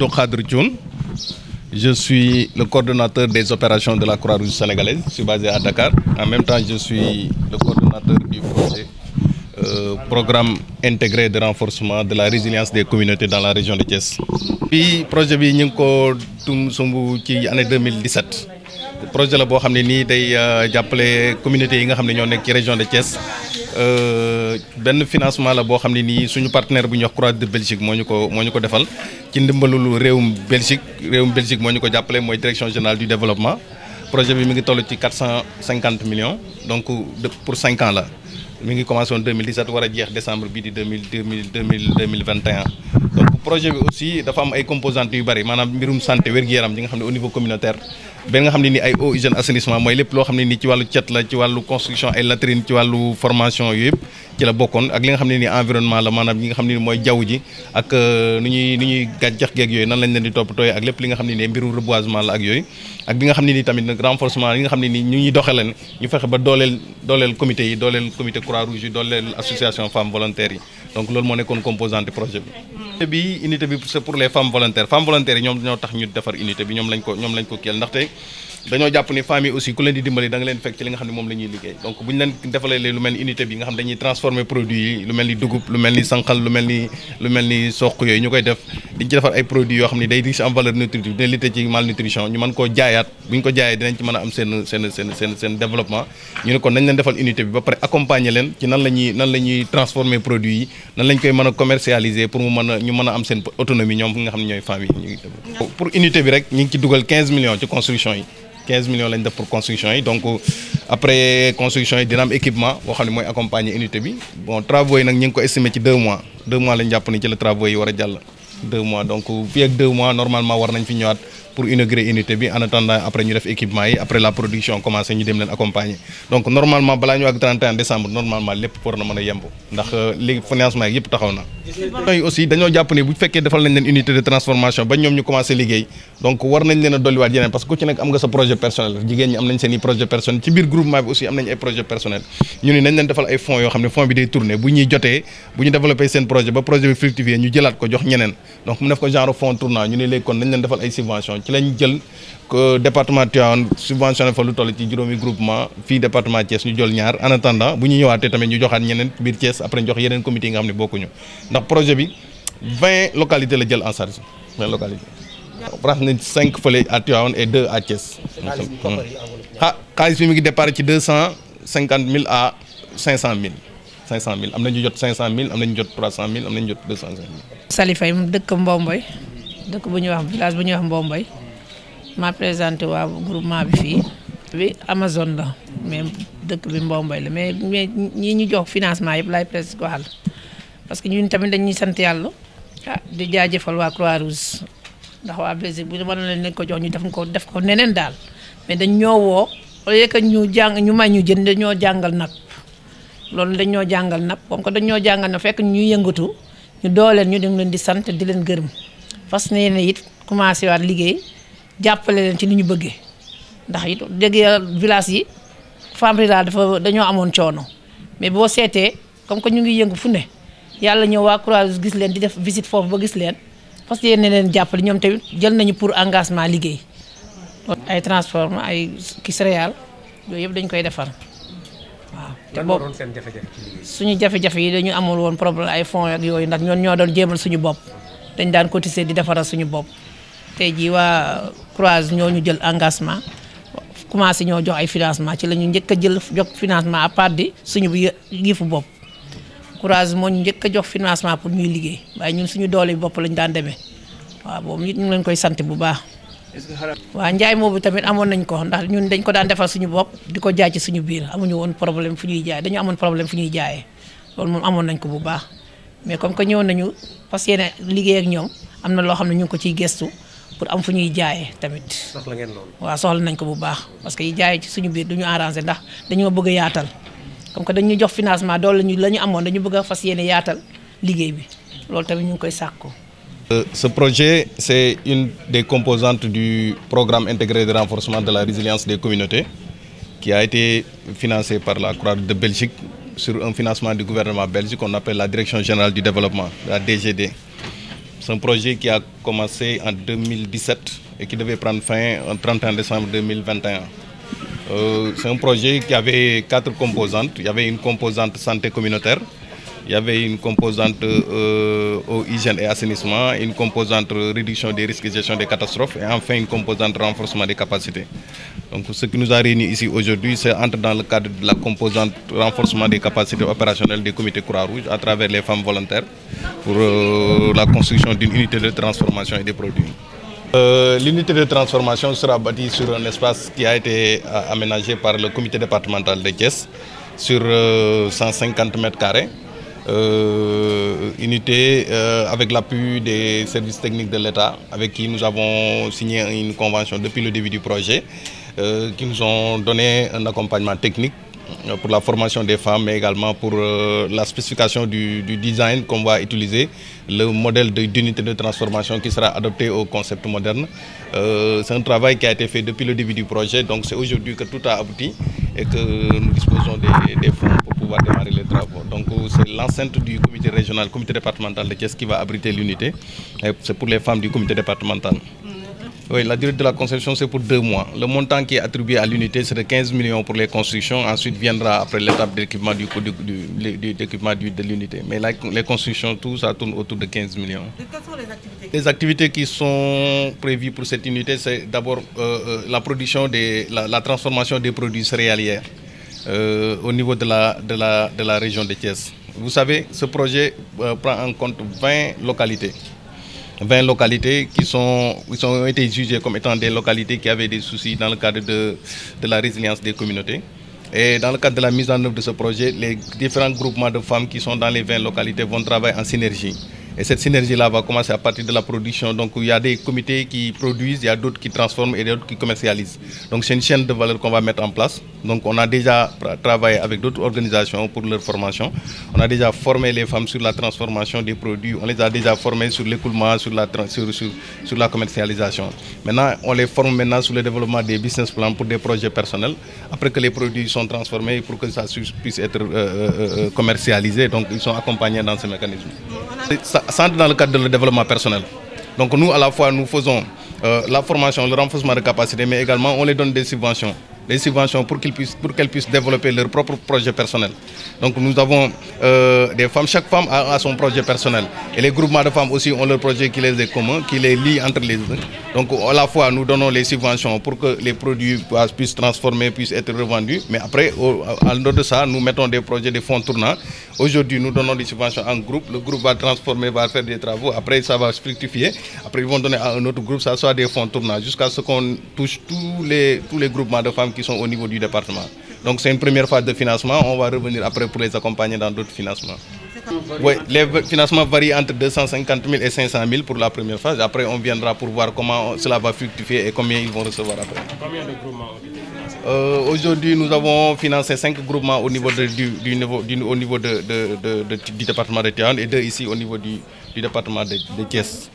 Abdou Khadr Thioun je suis le coordonnateur des opérations de la Croix-Rouge sénégalaise je suis basé à Dakar en même temps je suis le coordonnateur du projet euh, programme intégré de renforcement de la résilience des communautés dans la région de Thiès. bi projet bi ñu ngi ko tum sumb ci année 2017 projet la boo xam ne nii day euh, jàppale communautés yi nga xam ne ñoo nekk ci région de Thiès. Euh, benn financement la boo xam ne nii suñu partenaire bu ñuy wax Croix de Belgique moo ñu ko moo ñu ko defal ci ndimbalulu réewum Belgique réewum Belgique moo ñu ko jàppale mooy direction générale du développement projet bi mi ngi toll ci 450 millions donc de pour 5 ans la mi ngi commencé woon 2017 war a jeex décembre bii di 2000 2000 2021 projet bi aussi dafa am ay composantes yu bari maanaam mbirum santé wér-gu-yaram yi nga xam ne au niveau communautaire benn nga xam ne ni ay eau hygiène assainissement mooy lépp loo xam ne ni ci wàllu cet la ci wàllu construction ay latrines ci wàllu formation yooyu ci la bokkoon ak li nga xam ne ni environnement la maanaam ñi nga xam ne ni mooy jaww ji ak euh, nu ñuy nu ñuy gàncax geeg yooyu nan lañ leen di toppatooy ak lépp li nga xam ne ni mbiru reboisement la ak yooyu ak bi nga xam ne ni tamit renforcement yi nga xam ne ni ñu ñuy doxe leen ñu fexe ba dooleel dooleel comité yi dooleel comité croix rouge yi dooleel association femmes volontaires yi donc loolu moo nekkoon composante projet bi unité bi c'est pour les femmes volontaires femmes volontaires yi ñoom ñoo tax ñu defar unité bi ñoom ko ñoom lañ ko kiyal dañoo jàpp ni famille aussi ku leen di dimbali da nga leen fekk ci li nga xam ne moom la ñuy liggéey donc bu ñu leen defalee lu mel ni unité bi nga xam ñu koy def diñ ci defar ne day riche en valeur nutritive dina lutter ci malnutrition ñu mën koo seen seen seen ñu ne kon nañ leen defal unité bi ba pare accompagner leen ci nan la ñuy nan la ñuy transformer produit yi nan lañ koy mën a commercialiser pour mu a ñu mën a am seen autonomie ñoom nga xam famille pour unité bi rek ñu ngi ci dugal 15 millions ci construction yi 15 millions lañ def pour construction yi donc après construction yi dina am équipement boo xam ne mooy accompagner unité bi bon travaux yi nag ñu ngi ko estimer ci 2 mois 2 mois lañ jàpp ni ci la travaux yi war a jàll. deux mois donc fii ak deux mois normalement war nañ fi ñëwaat pour inaugurer unité bi en attendant après ñu def équipement yi après la production commencé ñu dem leen accompagner donc normalement balaa ñu ak 31 décembre normalement lépp war a yemb ndax euh, léegi financement yi yëpp taxaw na. ñooy aussi dañoo jàpp ne bu fekkee defal nañ leen a dolliwaat yeneen parce que ku ci nekk am nga sa projet personnel jigéen ñi am nañ seen i projet personnel ci biir groupement bi am nañ ay projet personnel ñu ne nañ leen defal ay fonds yoo xam jox ñeneen donc mu def ko genre fonds tournant ñu ne léegi kon nañ leen defal ay subvention ci lañ jël département Tivaouane subventionné fa lu toll ci juróomi groupement fii département Thiès ñu jël ñaar en attendant bu ñu ñëwaatee tamit ñu joxaat ñeneen biir Thiès après ñu jox yeneen comité yi nga xam ne bokkuñu ndax projet bi vingt localités la jël en charge vingt localités rax nañ cinq fële at Tivaouane et deux à Thiès ah xaalis bi mi ci deux cent cinquante mille à cinq cent 500000 am na ñu jot 500000 am na ñu jot 300000 am na ñu jot 205000. dëkk Mbomboy dëkk bu ñuy wax village bu ñu wax Mbomboy maa présenté waa groupement bi fii bi Amazone la mais dëkk bi Mbomboy la mais mais ñi ñu jox financement yëpp laay presque waxal parce que ñun tamit dañuy sant yàlla ah di jaajëfal waa Croix Rouge ndax waa Belgique bu ñu mënoon ko jox ñu def ko def ko neneen daal mais dañ ñoo woo au lieu ñu jàng ñu may ñu jënd dañoo jàngal nag. loolu dañ ñoo jàngal nag comme que dañ jàngal na fekk ñu yëngatu ñu dooleel ñu dañ leen di sant di leen gërëm fas yéene it commencé waat liggéey jàppale leen ci ni ñu bëggee ndax it dégg village yi femme dafa dañoo amoon coono mais boo seetee comme que ñu ngi yëngu fu ne yàlla ñëw waa croix gis leen di def visite foofu ba gis leen parce que ne leen jàppale ñoom tamit jël nañu pour engagement liggéey ay transforme ay ki céréales yooyu yëpp dañ koy defar te boobu suñu jafe-jafe yi dañu amul woon problème ay fonds yooyu ndax ñoon ñoo doon jéemal suñu bopp dañ daan cotiser di defara suñu bopp tey jii waa croise ñoo ñu jël engagement commencé ñoo jox ay financement ci la ñu njëkk a fu jox financement à part di suñu yëfu bopp croise moo ñu njëkk jox financement pour ñuy liggéey waaye ñun suñu doole bi bopp lañ daan demee waaw boobu it ñu ngi leen koy sant bu baax waa njaay moobu tamit amoon nañ ko ndax ñun dañ ko daan defal suñu bopp di ko jaay ci suñu biir amuñu woon problème fu ñuy jaay dañu amoon problème fu ñuy jaayee loolu moom amoon nañ ko bu baax mais comme que ñëw nañu parce que yéen liggéey ak ñoom am na loo xam ne ñu ngi ko ciy gestu pour am fu ñuy tamit. soxla ngeen loolu. waaw soxla nañ ko bu baax parce que yi jaayee ci suñu biir du ñu arrangé ndax dañoo bëgg a yaatal comme que dañu jox financement doole la ñu amoon dañu bëgg a fas yéene yaatal liggéey bi loolu tamit ñu ngi koy sàkku Euh, ce projet, c'est une des composantes du programme intégré de renforcement de la résilience des communautés qui a par la Croix de Belgique un financement du gouvernement belge qu'on appelle la Direction générale du développement, la DGD. C'est un projet qui a commencé en 2017 et qui devait prendre fin en 31 décembre 2021. Euh, c'est un projet qui avait quatre composantes. Il y une composante santé communautaire, il y avait une composante euh, au hygiène et assainissement, une composante réduction des risques des catastrophes et enfin une composante renforcement des capacités. Donc ce qui nous a réunis ici aujourd'hui, c'est entre dans le cadre de la composante renforcement des capacités opérationnelles des comités Croix-Rouge à travers les femmes volontaires pour euh, la construction d'une unité de transformation et des produits. Euh, L'unité de transformation sera bâtie sur un espace qui a été euh, aménagé par le comité départemental de Thiès sur 150 euh, mètres carrés. euh, unité euh, avec l'appui des services techniques de l'État avec qui nous avons signé une convention depuis le début du projet euh, qui nous ont donné un accompagnement technique euh, pour la formation des femmes, mais également pour euh, la spécification du, du design qu'on va utiliser, le modèle d'unité de, de, transformation qui sera adopté au concept moderne. Euh, c'est un travail qui a été fait depuis le début du projet, donc c'est aujourd'hui que tout a abouti et que nous disposons pouvoir démarrer les travaux. Donc c'est l'enceinte du comité régional, comité départemental de Thiès qui va abriter l'unité. C'est pour les femmes du comité départemental. Mm-hmm. la durée de la construction, c'est pour deux mois. Le montant qui est attribué à l'unité, c'est de 15 millions pour les constructions. Ensuite viendra après l'étape d'équipement du, du, du, de l'unité. Mais les constructions, tout ça autour de millions. les activités qui sont prévues pour cette unité, c'est d'abord euh, euh, la production, des, la, la transformation des produits céréalières. euh, au niveau de la, de, la, de la région de Thiès. Vous savez, ce projet euh, prend en compte 20 localités. 20 localités qui, sont, qui ont été jugées comme étant des localités qui avaient des soucis dans le cadre de, de la résilience des communautés. Et dans le cadre de la mise en œuvre de ce projet, les différents groupements de femmes qui sont dans les 20 localités vont travailler en synergie. Et cette synergie-là va commencer à partir de la production. Donc il y a des comités qui produisent, il y a d'autres qui transforment et Donc on a déjà travaillé avec d'autres organisations pour leur formation. On a déjà formé les femmes sur la transformation des produits, on les a déjà formées sur l'écoulement, sur la, sur, sur, sur, la commercialisation. Maintenant, on les forme maintenant sur le développement des business plans pour des projets personnels. Après que les produits sont transformés, pour que ça puisse être euh, euh, euh, euh donc ils sont accompagnés dans ce mécanisme. Ça, ça entre cadre de le les subventions pour qu'ils puissent qu'elles puissent développer leur propre projet personnel donc nous avons euh, des femmes chaque femme a, son projet personnel et les groupements de femmes aussi ont leur projet qui les entre les uns donc à la fois nous donnons les subventions pour que les produits puissent transformer puissent être revendus mais après en dehors de ça nous mettons des projets de fonds tournants aujourd'hui nous donnons des subventions en groupe le groupe va transformer femmes qui sont au niveau du département. Donc c'est une première phase de financement. On va revenir après pour les accompagner dans d'autres financements. les financements varient entre et pour la première phase. Après, on viendra pour voir comment cela va fructifier et combien ils vont recevoir après. Euh, aujourd'hui, nous avons financé 5 groupements au niveau, du, département de Théâtre et deux ici au niveau du, département de, Thiès.